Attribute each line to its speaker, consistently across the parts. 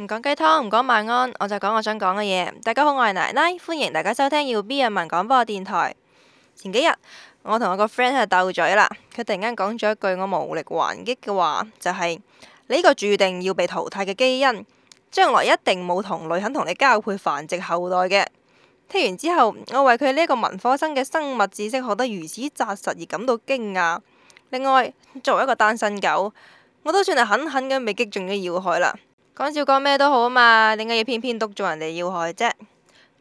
Speaker 1: 唔講雞湯，唔講晚安，我就講我想講嘅嘢。大家好，我係奶奶，歡迎大家收聽要 B 人民廣播電台。前幾日我同我個 friend 喺度鬥嘴啦，佢突然間講咗一句我無力還擊嘅話，就係你呢個注定要被淘汰嘅基因，將來一定冇同類肯同你交配繁殖後代嘅。聽完之後，我為佢呢個文科生嘅生物知識學得如此紮實而感到驚訝。另外，作為一個單身狗，我都算係狠狠咁被擊中咗要害啦。講笑講咩都好啊嘛，點解要偏偏篤中人哋要害啫？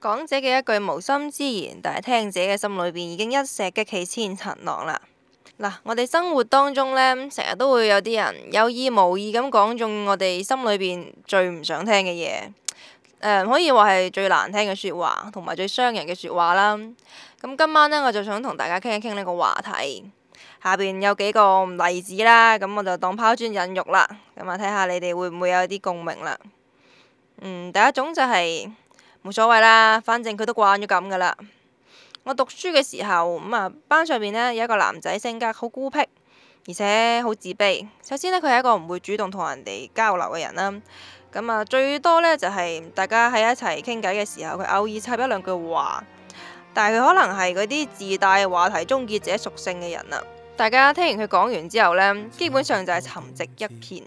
Speaker 1: 講者嘅一句無心之言，但係聽者嘅心裏邊已經一石激起千層浪啦！嗱，我哋生活當中呢，成日都會有啲人有意無意咁講中我哋心裏邊最唔想聽嘅嘢。呃，可以話係最難聽嘅説話，同埋最傷人嘅説話啦。咁今晚呢，我就想同大家傾一傾呢個話題。下邊有幾個例子啦，咁我就當拋磚引玉啦，咁啊睇下你哋會唔會有啲共鳴啦。嗯，第一種就係、是、冇所謂啦，反正佢都慣咗咁噶啦。我讀書嘅時候咁啊、嗯，班上面呢，有一個男仔，性格好孤僻，而且好自卑。首先呢，佢係一個唔會主動同人哋交流嘅人啦。咁啊，最多呢，就係、是、大家喺一齊傾偈嘅時候，佢偶爾插一兩句話。但係佢可能係嗰啲自帶話題終結者屬性嘅人啦。大家聽完佢講完之後呢，基本上就係沉寂一片。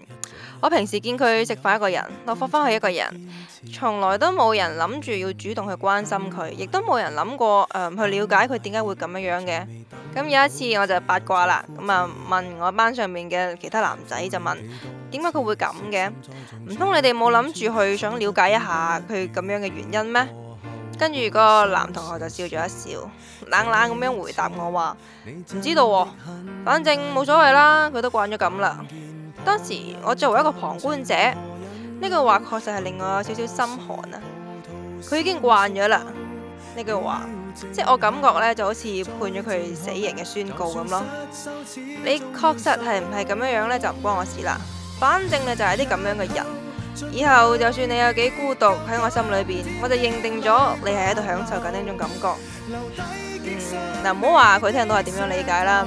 Speaker 1: 我平時見佢食飯一個人，落課返去一個人，從來都冇人諗住要主動去關心佢，亦都冇人諗過、呃、去了解佢點解會咁樣樣嘅。咁有一次我就八卦啦，咁啊問我班上面嘅其他男仔就問，點解佢會咁嘅？唔通你哋冇諗住去想了解一下佢咁樣嘅原因咩？跟住個男同學就笑咗一笑，冷冷咁樣回答我話：唔知道喎，反正冇所謂啦，佢都慣咗咁啦。當時我作為一個旁觀者，呢句話確實係令我有少少心寒啊！佢已經慣咗啦，呢句話，即係我感覺呢就好似判咗佢死刑嘅宣告咁咯。你確實係唔係咁樣樣呢？就唔關我事啦。反正你就係啲咁樣嘅人。以後就算你有幾孤獨，喺我心裏邊，我就認定咗你係喺度享受緊呢種感覺。嗯，嗱，唔好話佢聽到係點樣理解啦。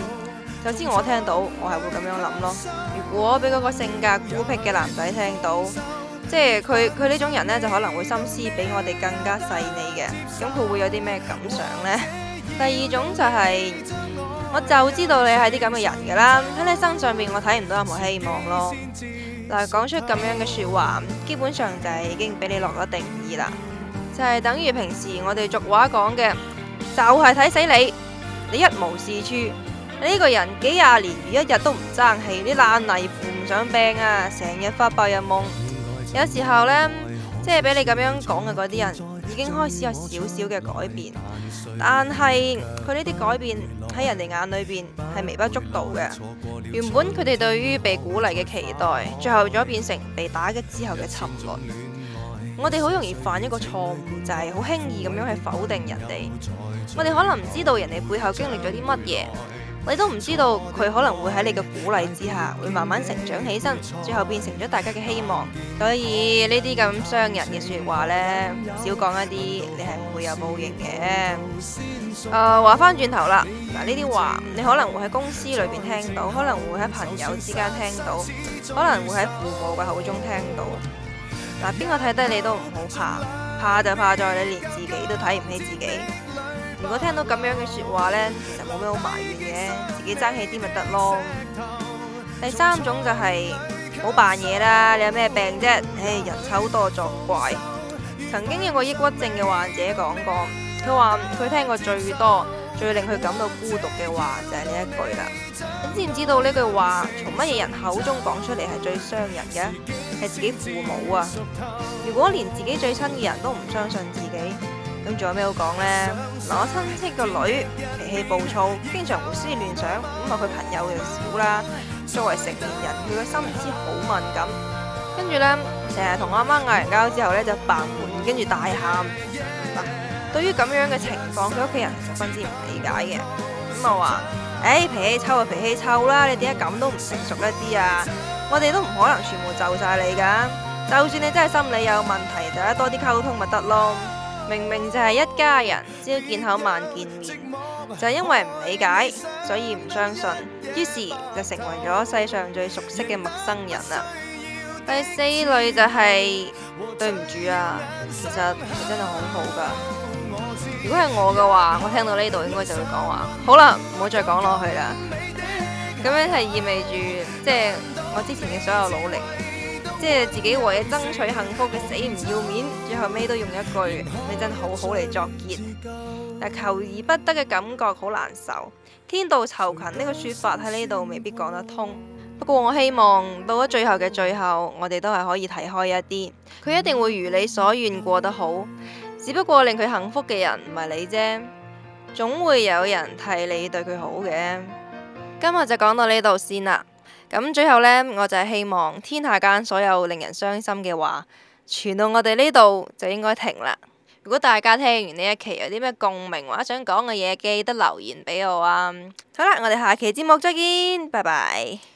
Speaker 1: 就知我聽到，我係會咁樣諗咯。如果俾嗰個性格孤僻嘅男仔聽到，即係佢佢呢種人呢，就可能會心思比我哋更加細膩嘅。咁佢會有啲咩感想呢？第二種就係、是、我就知道你係啲咁嘅人噶啦，喺你身上邊我睇唔到任何希望咯。嗱，講出咁樣嘅說話，基本上就係已經俾你落咗定義啦，就係等於平時我哋俗話講嘅，就係睇死你，你一無是處，你呢個人幾廿年如一日都唔爭氣，啲爛泥扶唔上壁啊，成日發白日夢 有時候呢，即係俾你咁樣講嘅嗰啲人。已經開始有少少嘅改變，但係佢呢啲改變喺人哋眼裏邊係微不足道嘅。原本佢哋對於被鼓勵嘅期待，最後咗變成被打擊之後嘅沉淪。我哋好容易犯一個錯誤，就係好輕易咁樣去否定人哋。我哋可能唔知道人哋背後經歷咗啲乜嘢。你都唔知道佢可能會喺你嘅鼓勵之下，會慢慢成長起身，最後變成咗大家嘅希望。所以呢啲咁傷人嘅說話呢，少講一啲，你係唔會有報應嘅。誒、呃，話翻轉頭啦，嗱，呢啲話你可能會喺公司裏邊聽到，可能會喺朋友之間聽到，可能會喺父母嘅口中聽到。嗱，邊個睇低你都唔好怕，怕就怕在你連自己都睇唔起自己。如果聽到咁樣嘅説話呢，其實冇咩好埋怨嘅，自己爭氣啲咪得咯。第三種就係冇扮嘢啦，你有咩病啫？唉、哎，人醜多作怪。曾經有個抑鬱症嘅患者講過，佢話佢聽過最多、最令佢感到孤獨嘅話就係、是、呢一句啦。你知唔知道呢句話從乜嘢人口中講出嚟係最傷人嘅？係自己父母啊！如果連自己最親嘅人都唔相信自己。咁仲有咩好講呢？我親戚個女脾氣暴躁，經常胡思亂想，咁啊佢朋友又少啦。作為成年人，佢個心思好敏感，跟住呢，成日同阿媽嗌完交之後呢，就爆門，跟住大喊。嗯、對於咁樣嘅情況，佢屋企人十分之唔理解嘅。咁啊話，誒、欸、脾氣臭啊，脾氣臭啦、啊！你點解咁都唔成熟一啲啊？我哋都唔可能全部就晒你噶。就算你真係心理有問題，大家多啲溝通咪得咯。明明就係一家人，朝見口，晚見面，就係、因為唔理解，所以唔相信，於是就成為咗世上最熟悉嘅陌生人啦。第四類就係、是、對唔住啊，其實你真係好好噶。如果係我嘅話，我聽到呢度應該就會講話，好啦，唔好再講落去啦。咁樣係意味住，即、就、係、是、我之前嘅所有努力。即係自己為咗爭取幸福嘅死唔要面，最後尾都用一句你真係好好嚟作結，但求而不得嘅感覺好難受。天道酬勤呢個說法喺呢度未必講得通，不過我希望到咗最後嘅最後，我哋都係可以睇開一啲，佢一定會如你所願過得好，只不過令佢幸福嘅人唔係你啫，總會有人替你對佢好嘅。今日就講到呢度先啦。咁最後呢，我就係希望天下間所有令人傷心嘅話，傳到我哋呢度就應該停啦。如果大家聽完呢一期有啲咩共鳴或者想講嘅嘢，記得留言俾我啊！好啦，我哋下期節目再見，拜拜。